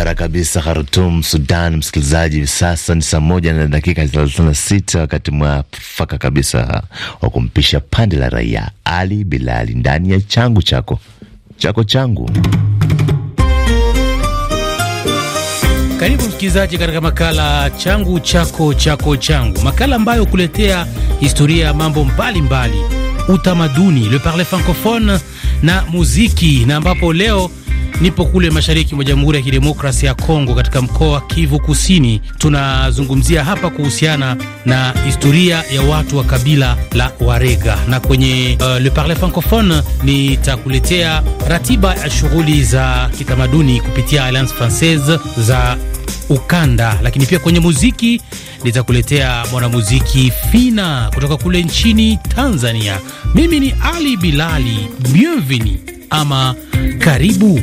Barabara kabisa Khartoum, Sudan. Msikilizaji, hivi sasa ni saa moja na dakika thelathini na sita wakati mwafaka kabisa wa kumpisha pande la raia Ali Bilali ndani ya changu chako chako changu. Karibu msikilizaji katika makala changu chako chako changu, makala ambayo kuletea historia ya mambo mbalimbali, utamaduni, le parler francophone na muziki, na ambapo leo Nipo kule mashariki mwa Jamhuri ya Kidemokrasia ya Kongo, katika mkoa wa Kivu Kusini. Tunazungumzia hapa kuhusiana na historia ya watu wa kabila la Warega, na kwenye uh, Le Parle Francophone nitakuletea ratiba ya shughuli za kitamaduni kupitia Alliance Francaise za ukanda lakini pia kwenye muziki nitakuletea mwanamuziki Fina kutoka kule nchini Tanzania. Mimi ni Ali Bilali, bienvenue ama karibu.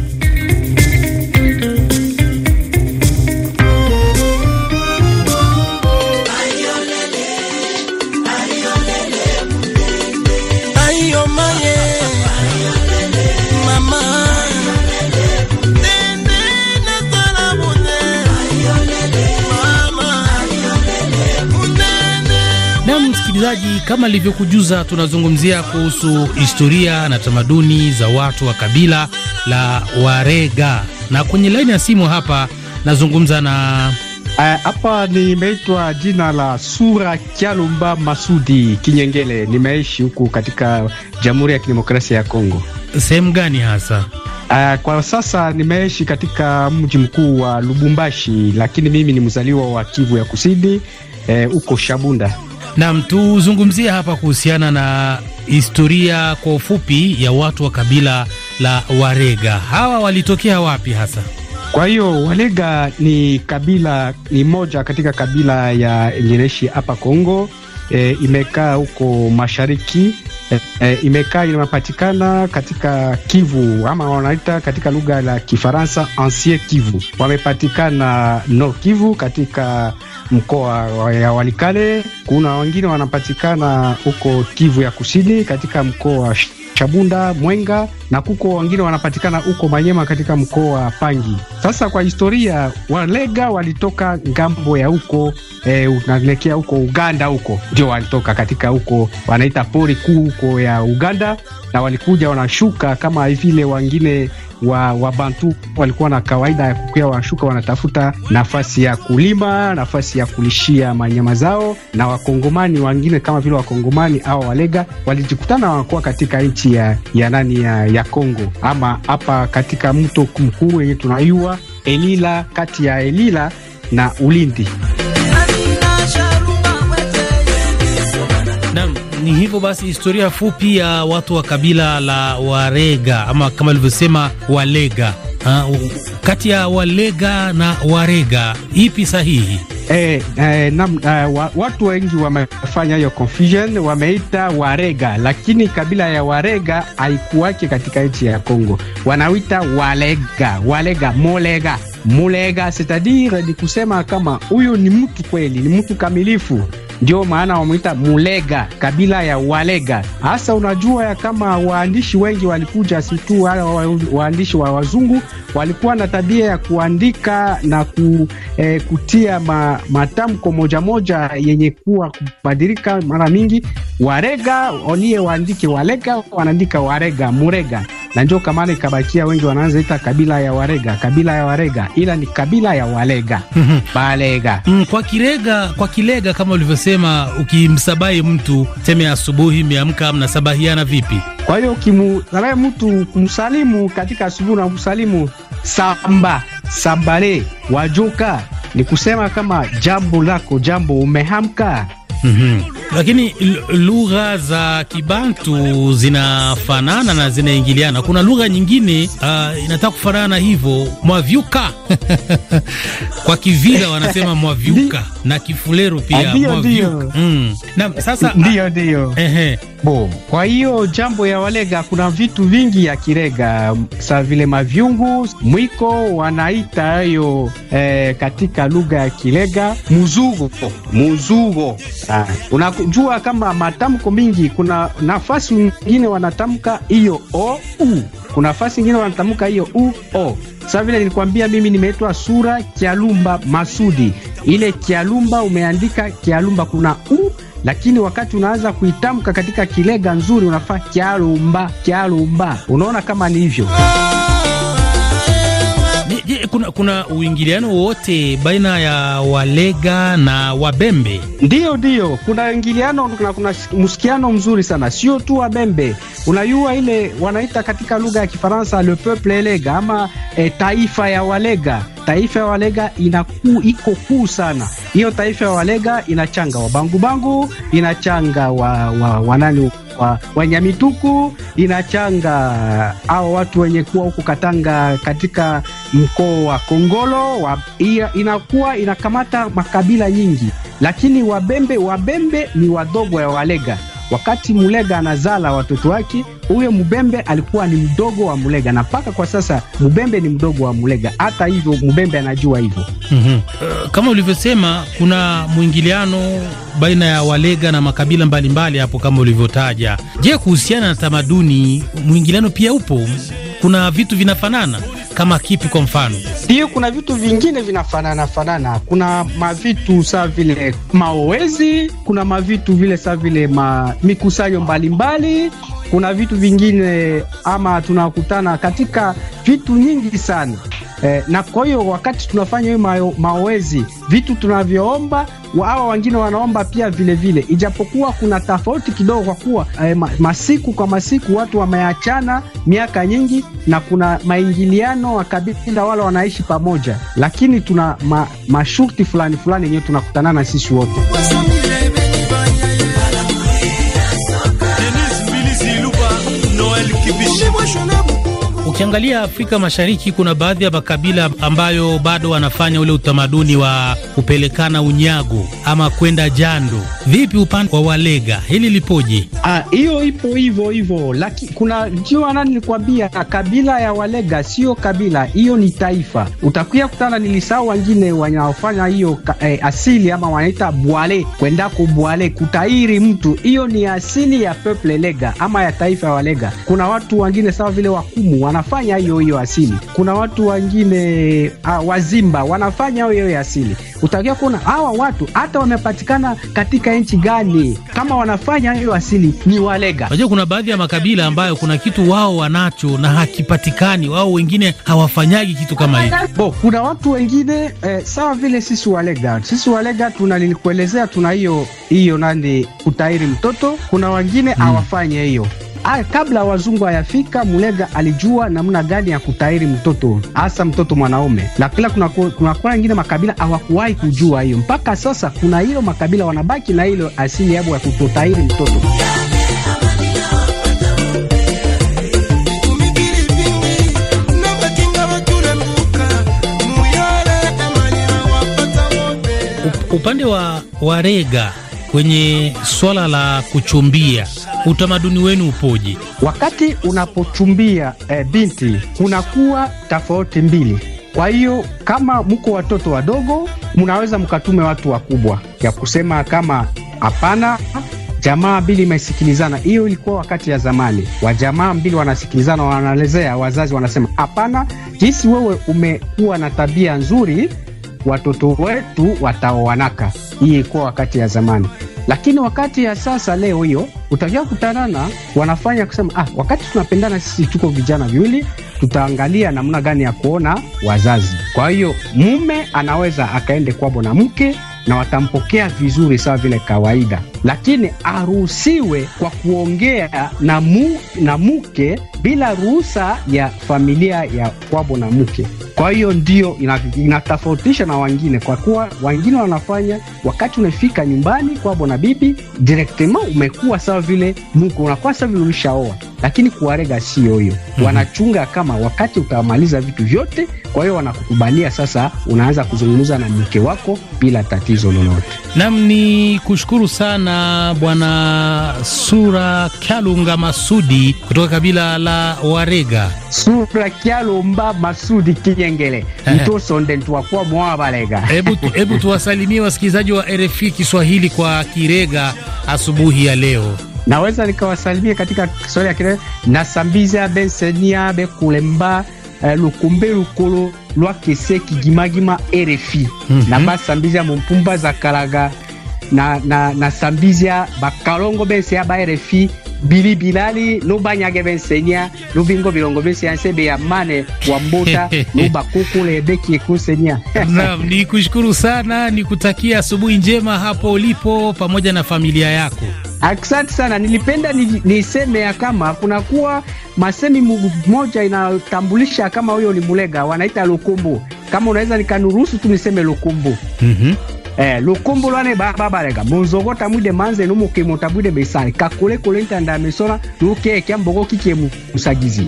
msikilizaji, kama ilivyokujuza, tunazungumzia kuhusu historia na tamaduni za watu wa kabila la Warega, na kwenye laini ya simu hapa nazungumza na eh, hapa uh, nimeitwa jina la Sura Kyalumba Masudi Kinyengele. Nimeishi huku katika Jamhuri ya Kidemokrasia ya Kongo. Sehemu gani hasa? Uh, kwa sasa nimeishi katika mji mkuu wa Lubumbashi, lakini mimi ni mzaliwa wa Kivu ya Kusini eh, huko eh, Shabunda. Nam, tuzungumzie hapa kuhusiana na historia kwa ufupi ya watu wa kabila la Warega. Hawa walitokea wapi hasa? Kwa hiyo Walega ni kabila, ni moja katika kabila ya Nyereshi hapa Kongo. E, imekaa huko mashariki E, e, imekaa inapatikana katika Kivu ama wanaita katika lugha la Kifaransa ancien Kivu. Wamepatikana Nord Kivu katika mkoa wa Walikale. Kuna wengine wanapatikana huko Kivu ya Kusini katika mkoa wa Chabunda, Mwenga na kuko wengine wanapatikana huko Manyema katika mkoa wa Pangi. Sasa kwa historia, Walega walitoka ngambo ya huko e, unaelekea huko Uganda, huko ndio walitoka katika huko wanaita pori kuu huko ya Uganda, na walikuja wanashuka kama vile wengine wa, wa Bantu walikuwa na kawaida ya kukia washuka, wanatafuta nafasi ya kulima, nafasi ya kulishia manyama zao, na wakongomani wengine kama vile wakongomani au walega walijikutana wanakuwa katika nchi ya, ya nani ya, ya Kongo ama hapa katika mto mkuu wenye tunaiwa Elila, kati ya Elila na Ulindi. ni hivyo basi, historia fupi ya watu wa kabila la Warega ama kama alivyosema Walega. Kati ya Walega na Warega ipi sahihi? Eh, eh, na, eh, wa, watu wengi wamefanya hiyo confusion, wameita Warega, lakini kabila ya Warega haikuwake katika nchi ya Kongo, wanawita Walega, Walega, Molega, Mulega, c'est-à-dire ni kusema kama huyu ni mtu kweli, ni mtu kamilifu ndio maana wamwita Mulega, kabila ya Walega. Hasa unajua ya kama waandishi wengi walikuja, si tu waandishi wa wazungu walikuwa na tabia ya kuandika na ku, eh, kutia ma, matamko moja moja yenye kuwa kubadilika mara mingi. Warega onie waandike Walega, wanaandika Warega, Murega na njo kamana ikabakia, wengi wanaanza ita kabila ya Warega, kabila ya Warega, ila ni kabila ya Walega, mhm. Balega. Mm, kwa Kirega, kwa Kilega kama ulivyosema wanasema ukimsabai mtu teme asubuhi, mmeamka mnasabahiana vipi? Kwa hiyo ukimsabai mtu kumsalimu katika asubuhi, unamsalimu samba sambale wajuka, ni kusema kama jambo lako jambo, umehamka mm -hmm. Lakini lugha za Kibantu zinafanana na zinaingiliana. Kuna lugha nyingine uh, inataka kufanana hivyo, mwavyuka kwa Kivila wanasema mwavyuka na Kifuleru pia ah, mwavyuka. Mm. Na sasa ndio ndio ehe Bo, kwa hiyo jambo ya Walega kuna vitu vingi ya Kirega sa vile mavyungu mwiko wanaita hayo eh, katika lugha ya Kirega muzugo muzugo. Ah, unajua kama matamko mingi, kuna nafasi nyingine wanatamka hiyo o u, kuna nafasi nyingine wanatamka hiyo u o. Sasa vile nilikwambia mimi nimeitwa Sura Kialumba Masudi, ile Kialumba umeandika Kialumba, kuna u lakini wakati unaanza kuitamka katika kilega nzuri unafaa kialumba kialumba, unaona kama ni hivyo. Je, kuna, kuna uingiliano wowote baina ya Walega na Wabembe? Ndiyo, ndiyo, kuna uingiliano na kuna msikiano mzuri sana, sio tu Wabembe. Unayua ile wanaita katika lugha ya Kifaransa le peuple elega ama e, taifa ya Walega taifa ya Walega inaku, iko kuu sana. Hiyo taifa ya Walega inachanga wabangubangu, inachanga wa, wa, wanani wa, Wanyamituku, inachanga au watu wenye kuwa huku Katanga katika mkoa wa Kongolo wa, inakuwa inakamata makabila nyingi, lakini Wabembe Wabembe ni wadogo ya Walega. Wakati Mulega anazala watoto wake, huyo Mubembe alikuwa ni mdogo wa Mulega, na mpaka kwa sasa Mubembe ni mdogo wa Mulega. Hata hivyo Mubembe anajua hivyo. mm -hmm. Uh, kama ulivyosema, kuna mwingiliano baina ya Walega na makabila mbalimbali mbali hapo kama ulivyotaja. Je, kuhusiana na tamaduni, mwingiliano pia upo? Kuna vitu vinafanana? kama kipi kwa mfano? Ndio, kuna vitu vingine vinafanana fanana, kuna mavitu saa vile maowezi, kuna mavitu vile saa vile ma mikusanyo mbalimbali kuna vitu vingine ama tunakutana katika vitu nyingi sana e, na kwa hiyo wakati tunafanya hiyo maoezi vitu tunavyoomba hawa wengine wanaomba pia vilevile vile. Ijapokuwa kuna tofauti kidogo kwa kuwa e, masiku kwa masiku watu wameachana miaka nyingi, na kuna maingiliano wa kabila wanaishi pamoja, lakini tuna ma, fulani fulani yenyewe tunakutanana sisi wote. Ukiangalia Afrika Mashariki, kuna baadhi ya makabila ambayo bado wanafanya ule utamaduni wa kupelekana unyago ama kwenda jando. Vipi upande wa Walega, hili lipoje? Ah, hiyo ipo hivyo hivyo, lakini kuna jua nani, nilikwambia kabila ya Walega sio kabila, hiyo ni taifa. Utakuya kutana nilisaa wengine wanaofanya hiyo eh, asili ama wanaita bwale, kwenda kubwale kutairi mtu, hiyo ni asili ya peple Lega ama ya taifa ya Walega. Kuna watu wengine sawa vile wakumu wana wanafanya hiyo hiyo asili. Kuna watu wengine uh, Wazimba wanafanya hiyo hiyo asili. Utakia kuona hawa watu hata wamepatikana katika nchi gani, kama wanafanya hiyo asili ni Walega. Unajua, kuna baadhi ya makabila ambayo kuna kitu wao wanacho na hakipatikani, wao wengine hawafanyagi kitu kama hiyo. Bo, kuna watu wengine eh, sawa vile sisi Walega, sisi Walega tuna nilikuelezea, tuna hiyo hiyo nani kutairi mtoto, kuna wengine mm. hawafanye hmm, hiyo A, ah, kabla wazungu hayafika, Mulega alijua namna gani ya kutairi mtoto, hasa mtoto mwanaume, na kila kunakuwa kuna ingine makabila hawakuwahi kujua hiyo. Mpaka sasa kuna hiyo makabila wanabaki na hilo asili yabo ya kutotairi mtoto. Upande wa, wa rega kwenye swala la kuchumbia utamaduni wenu upoje? Wakati unapochumbia e, binti kunakuwa tofauti mbili. Kwa hiyo kama mko watoto wadogo, mnaweza mkatume watu wakubwa ya kusema kama hapana jamaa mbili imesikilizana. Hiyo ilikuwa wakati ya zamani, wa jamaa mbili wanasikilizana, wanaelezea, wazazi wanasema hapana, jinsi wewe umekuwa na tabia nzuri, watoto wetu wataoanaka. Hii ilikuwa wakati ya zamani lakini wakati ya sasa leo hiyo utakia kutanana, wanafanya kusema ah, wakati tunapendana sisi tuko vijana viwili, tutaangalia namna gani ya kuona wazazi. Kwa hiyo mume anaweza akaende kwabo na mke na watampokea vizuri sawa vile kawaida, lakini aruhusiwe kwa kuongea na, mu, na muke bila ruhusa ya familia ya kwabo na mke. Kwa hiyo ndio inatofautisha na wengine, kwa kuwa wengine wanafanya wakati unafika nyumbani kwabo na bibi direktema, umekuwa sawa vile mke unakuwa sawa vile ulishaoa, lakini kuwarega sio hiyo. mm -hmm. Wanachunga kama wakati utamaliza vitu vyote, kwa hiyo wanakukubalia sasa, unaanza kuzungumza na mke wako bila tatizo lolote. Nam ni kushukuru sana Bwana Sura Kalunga Masudi kutoka kabila la warega supra kialomba masudi kinyengele kwa mwa balega. Hebu hebu tuwasalimie wasikilizaji wa RFI Kiswahili kwa Kirega asubuhi ya leo. Naweza nikawasalimia katika Kiswahili ya Kirega nasambiza bensenia bekulemba Uh, eh, lukumbe lukolo kese kigimagima RFI mm -hmm. na basambizia mumpumba za kalaga na, na, na sambizia bakalongo bense ya ba RFI bili bilali luba nyage bensenya lubingo bilongo bensi ansembe ya mane wa mbuta luba kukule beki kusenya naam kushukuru sana kutakia asubuhi njema hapo ulipo pamoja na familia yako Asante sana. Nilipenda niseme ya kama kunakuwa masemi moja inatambulisha kama huyo ni mulega, wanaita lukumbu. Kama unaweza nikanuruhusu tu niseme lukumbu. mm -hmm eh, lukumbulwane bababalega munzogota mwide manzenu mukimota bwide besale kakulekule ntanda ya misona lukekya mbogo kikye musagizi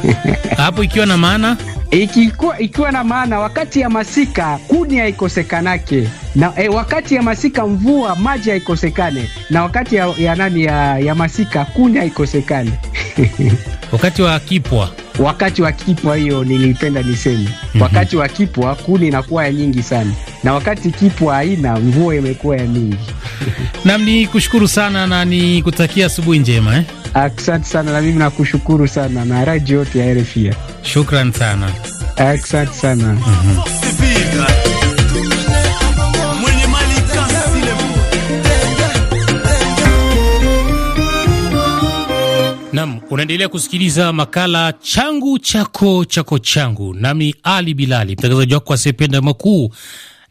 hapo ikiwa na maana Ikikuwa, ikiwa na maana wakati ya masika kuni haikosekanake na eh, wakati ya masika mvua maji haikosekane na wakati ya, ya nani ya, ya masika kuni haikosekane wakati wa kipwa wakati wa kipwa, hiyo nilipenda niseme mhm. wakati wa kipwa kuni inakuwa ya nyingi sana, na wakati kipwa haina mvua imekuwa ya mingi. Nam ni kushukuru sana na ni kutakia asubuhi njema eh? Asante sana na mimi nakushukuru sana na radio yote ya rfia Shukran sana, asante sana. Mhm. Nam, unaendelea kusikiliza makala changu chako chako changu, nami Ali Bilali, mtangazaji wako asiyependa makuu.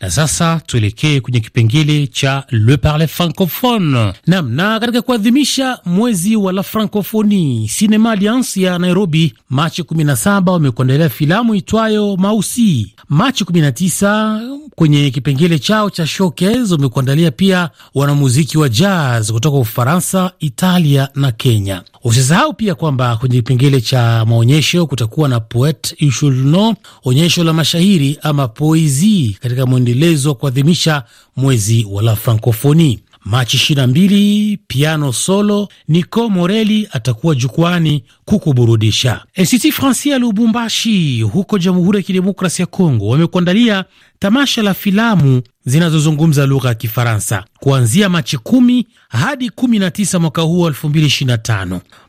Na sasa tuelekee kwenye kipengele cha Le Parle Francophone. Nam, na katika kuadhimisha mwezi wa La Francophonie, Cinema Alliance ya Nairobi Machi 17 wamekuandalia filamu itwayo Mausi. Machi 19 kwenye kipengele chao cha showcase wamekuandalia pia wanamuziki wa jazz kutoka Ufaransa, Italia na Kenya. Usisahau pia kwamba kwenye kipengele cha maonyesho kutakuwa na Poet You Should Know, onyesho la mashairi ama poezi katika mwendelezo wa kuadhimisha mwezi wa la Francophonie. Machi 22 piano solo Nico Morelli atakuwa jukwani kukuburudisha. NCT Francia ya Lubumbashi huko Jamhuri ya Kidemokrasi ya Kongo wamekuandalia tamasha la filamu zinazozungumza lugha ya Kifaransa kuanzia Machi 1 hadi 19 mwaka huu elfu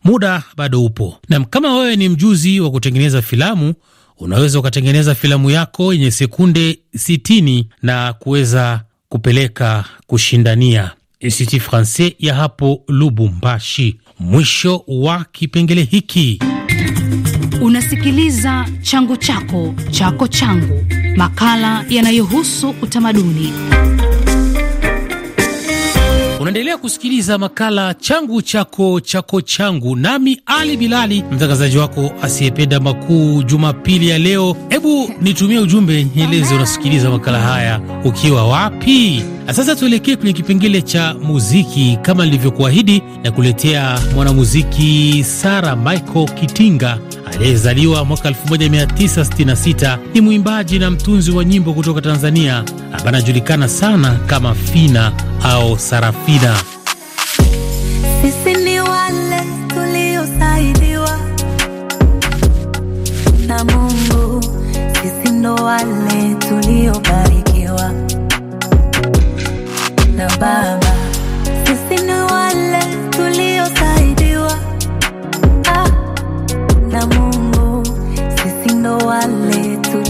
Muda bado upo, nam kama wewe ni mjuzi wa kutengeneza filamu unaweza ukatengeneza filamu yako yenye sekunde 6 na kuweza kupeleka kushindania Institut Francais ya hapo Lubumbashi. Mwisho wa kipengele hiki. Unasikiliza changu chako chako changu, makala yanayohusu utamaduni. Unaendelea kusikiliza makala changu chako chako changu, nami Ali Bilali, mtangazaji wako asiyependa makuu. Jumapili ya leo, hebu nitumie ujumbe, nieleze unasikiliza makala haya ukiwa wapi. Na sasa tuelekee kwenye kipengele cha muziki kama nilivyokuahidi, na kuletea mwanamuziki Sara Michael Kitinga aliyezaliwa mwaka 1966 ni mwimbaji na mtunzi wa nyimbo kutoka Tanzania ambaye anajulikana sana kama Fina au Sarafina. Sisi ni wale tuliosaidiwa na Mungu, sisi ndo wale tuliobarikiwa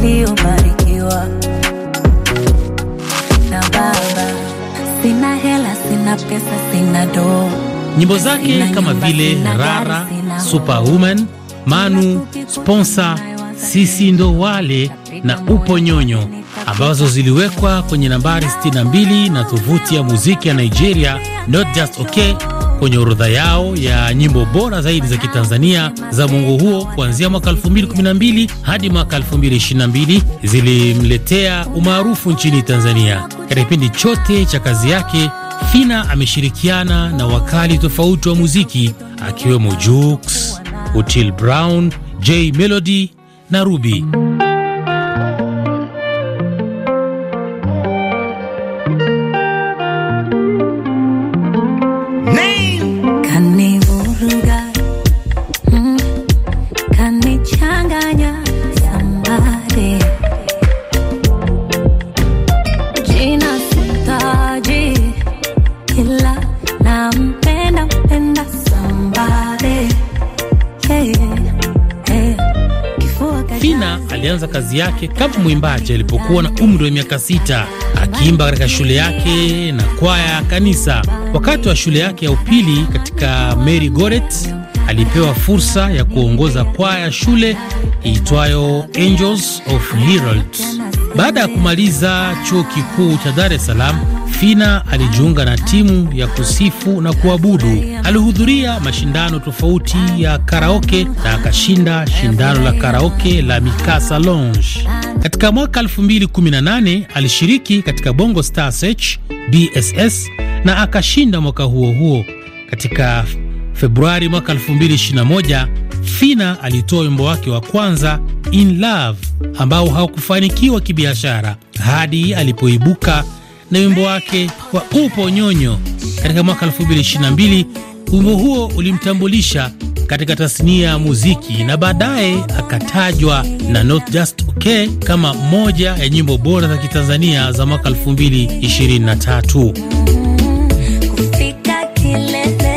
niliyobarikiwa na Baba. Sina hela, sina pesa, sina doo. Nyimbo zake kama vile Rara, Superwoman, Manu, Sponsa, Sisi ndo wale na Upo Nyonyo, ambazo ziliwekwa kwenye nambari 62 na tovuti ya muziki ya Nigeria Not Just Okay kwenye orodha yao ya nyimbo bora zaidi za Kitanzania za mwongo huo kuanzia mwaka 2012 hadi mwaka 2022 zilimletea umaarufu nchini Tanzania. Katika kipindi chote cha kazi yake, Fina ameshirikiana na wakali tofauti wa muziki akiwemo Jux, util Brown, J Melody na Ruby. Fina alianza kazi yake kama mwimbaji alipokuwa na umri wa miaka sita akiimba katika shule yake na kwaya ya kanisa. Wakati wa shule yake ya upili katika Mary Goret alipewa fursa ya kuongoza kwaya ya shule iitwayo Angels of Herald. Baada ya kumaliza chuo kikuu cha Dar es Salaam Fina alijiunga na timu ya kusifu na kuabudu. Alihudhuria mashindano tofauti ya karaoke na akashinda shindano la karaoke la Mikasa Lounge. Katika mwaka 2018 alishiriki katika Bongo Star Search BSS na akashinda mwaka huo huo. Katika Februari mwaka 2021 Fina alitoa wimbo wake wa kwanza In Love ambao haukufanikiwa kibiashara hadi alipoibuka na wimbo wake wa upo nyonyo katika mwaka 2022. Wimbo huo ulimtambulisha katika tasnia ya muziki na baadaye akatajwa na Not Just Ok kama moja ya nyimbo bora za Kitanzania za mwaka 2023.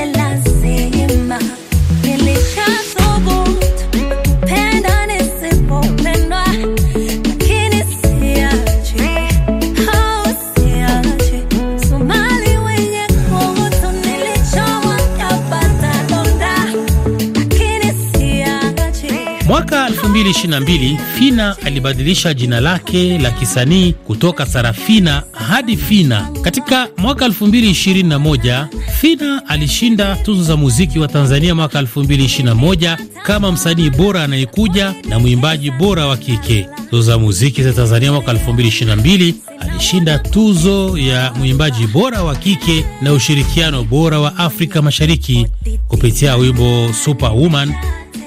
Mwaka 2022 Fina alibadilisha jina lake la kisanii kutoka Sarafina hadi Fina. Katika mwaka 2021 Fina alishinda tuzo za muziki wa Tanzania mwaka 2021 kama msanii bora anayekuja na mwimbaji bora wa kike. Tuzo za muziki za Tanzania mwaka 2022 alishinda tuzo ya mwimbaji bora wa kike na ushirikiano bora wa Afrika Mashariki kupitia wimbo Superwoman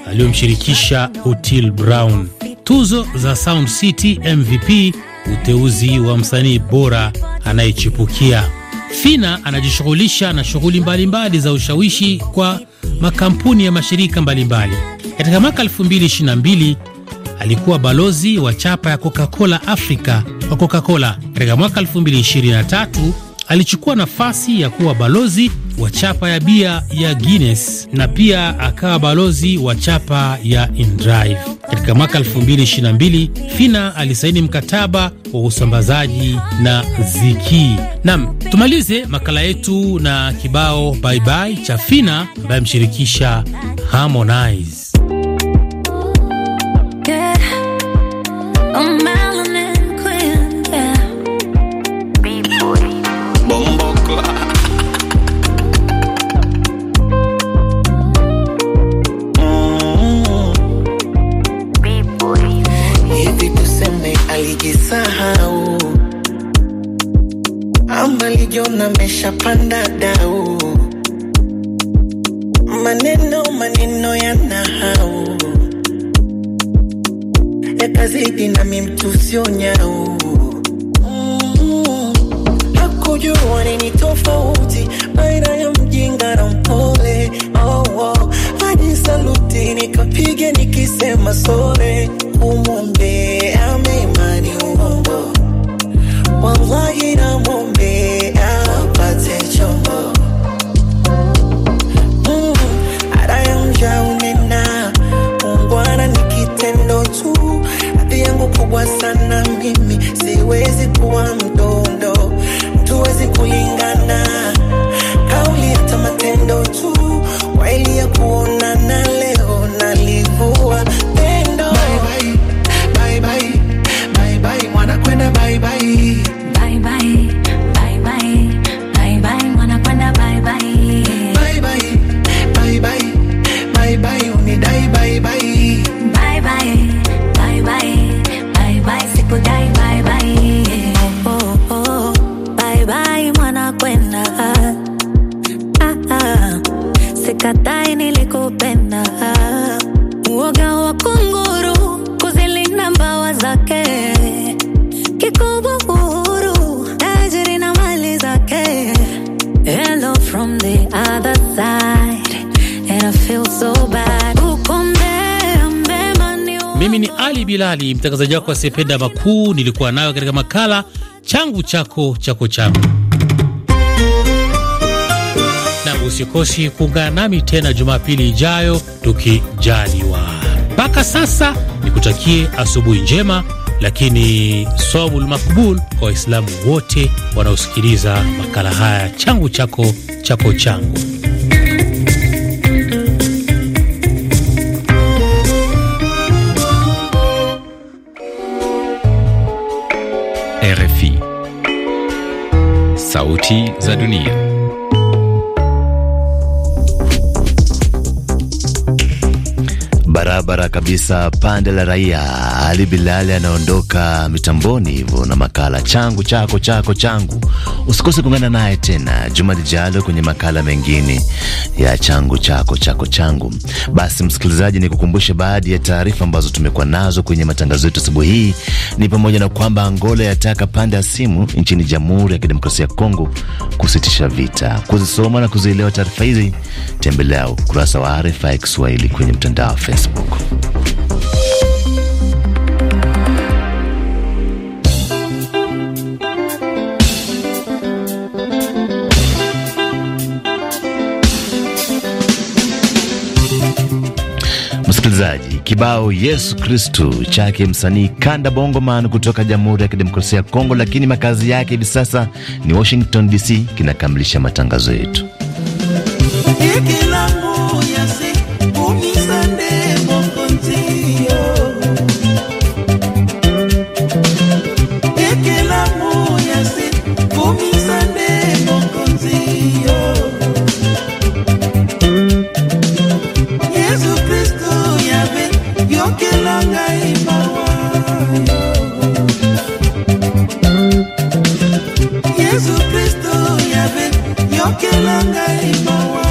aliyomshirikisha Otile Brown. Tuzo za Sound City MVP, uteuzi wa msanii bora anayechipukia. Fina anajishughulisha na shughuli mbalimbali za ushawishi kwa makampuni ya mashirika mbalimbali. Katika mwaka 2022 alikuwa balozi wa chapa ya Coca-Cola Africa wa Coca-Cola. Katika mwaka 2023 alichukua nafasi ya kuwa balozi wa chapa ya bia ya Guinness na pia akawa balozi wa chapa ya InDrive. Katika mwaka 2022 Fina alisaini mkataba wa usambazaji na Ziki. Nam, tumalize makala yetu na kibao baibai cha Fina ambaye amshirikisha Harmonize. ukisahau ambalijona meshapanda dau maneno maneno yanahau yakazidi nami mtusio nyau mm-hmm. hakujua nini tofauti baina ya mjinga na mpole oh, oh. Ajisaluti nikapiga nikisema sore, kumwambia amema wallahi namwombea mimi ni Ali Bilali, mtangazaji wako asiyependa makuu, nilikuwa nayo katika makala changu chako chako changu, na usikosi kuungana nami tena Jumapili ijayo tukijaliwa. Mpaka sasa nikutakie asubuhi njema, lakini swamul makbul kwa Waislamu wote wanaosikiliza makala haya changu chako chako changu. Sauti za Dunia. barabara kabisa, pande la raia. Ali Bilali anaondoka mitamboni hivyo na makala changu chako chako changu. Usikose kuungana naye tena juma lijalo kwenye makala mengine ya changu chako chako changu. Basi msikilizaji, ni kukumbushe baadhi ya taarifa ambazo tumekuwa nazo kwenye matangazo yetu asubuhi hii, ni pamoja na kwamba Angola yataka pande ya simu nchini Jamhuri ya Kidemokrasia ya Kongo kusitisha vita. Kuzisoma na kuzielewa taarifa hizi, tembelea ukurasa wa RFI Kiswahili kwenye mtandao wa Facebook. Msikilizaji, kibao Yesu Kristu chake msanii Kanda Bongo Man kutoka Jamhuri ya Kidemokrasia ya Kongo, lakini makazi yake hivi sasa ni Washington DC, kinakamilisha matangazo yetu. yokelanga imawa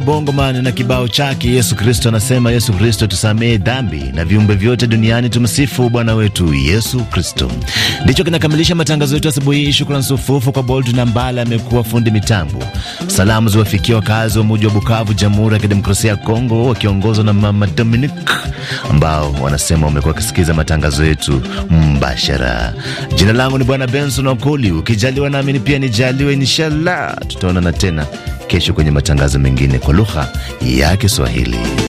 Martha Bongoman na kibao chake Yesu Kristo. Anasema Yesu Kristo tusamehe dhambi na viumbe vyote duniani, tumsifu Bwana wetu Yesu Kristo. Ndicho kinakamilisha matangazo yetu asubuhi hii. Shukrani sufufu kwa Bold na Mbala, amekuwa fundi mitambo. Salamu ziwafikia wakazi wa muji wa Bukavu, Jamhuri ya Kidemokrasia ya Kongo, wakiongozwa na Mama Dominic ambao wanasema wamekuwa wakisikiza matangazo yetu mbashara. Jina langu ni Bwana Benson Wakoli. Ukijaliwa nami pia nijaliwe, inshallah tutaonana tena kesho kwenye matangazo mengine kwa lugha ya Kiswahili.